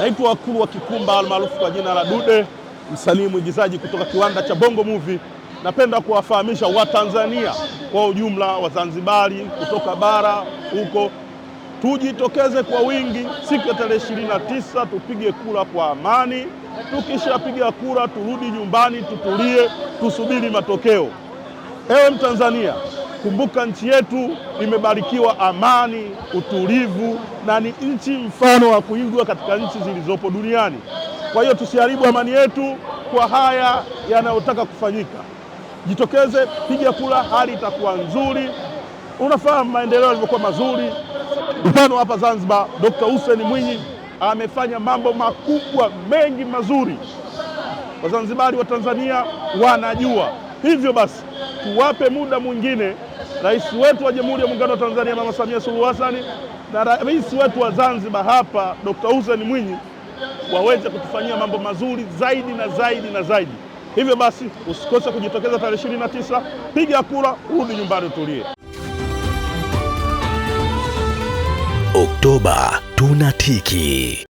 Naitwa Wakulu wa Kikumba almaarufu kwa jina la Dude, msanii mwigizaji kutoka kiwanda cha Bongo Movie. Napenda kuwafahamisha Watanzania kwa ujumla, Wazanzibari kutoka bara huko, tujitokeze kwa wingi siku ya tarehe ishirini na tisa tupige kura kwa amani. Tukishapiga kura turudi nyumbani, tutulie, tusubiri matokeo. Ewe Mtanzania, Kumbuka nchi yetu imebarikiwa amani, utulivu na ni nchi mfano wa kuigwa katika nchi zilizopo duniani. Kwa hiyo tusiharibu amani yetu kwa haya yanayotaka kufanyika. Jitokeze, piga kura, hali itakuwa nzuri. Unafahamu maendeleo yalivyokuwa mazuri. Mfano hapa Zanzibar, Dr. Hussein Mwinyi amefanya mambo makubwa mengi mazuri. Wazanzibari wa Tanzania wanajua hivyo. Basi tuwape muda mwingine rais wetu wa Jamhuri ya Muungano wa Tanzania Mama Samia Suluhu Hassan na rais wetu wa Zanzibar hapa Dr. Hussein Mwinyi waweze kutufanyia mambo mazuri zaidi na zaidi na zaidi. Hivyo basi usikose kujitokeza tarehe ishirini na tisa, piga kura, rudi nyumbani, utulie. Oktoba tunatiki.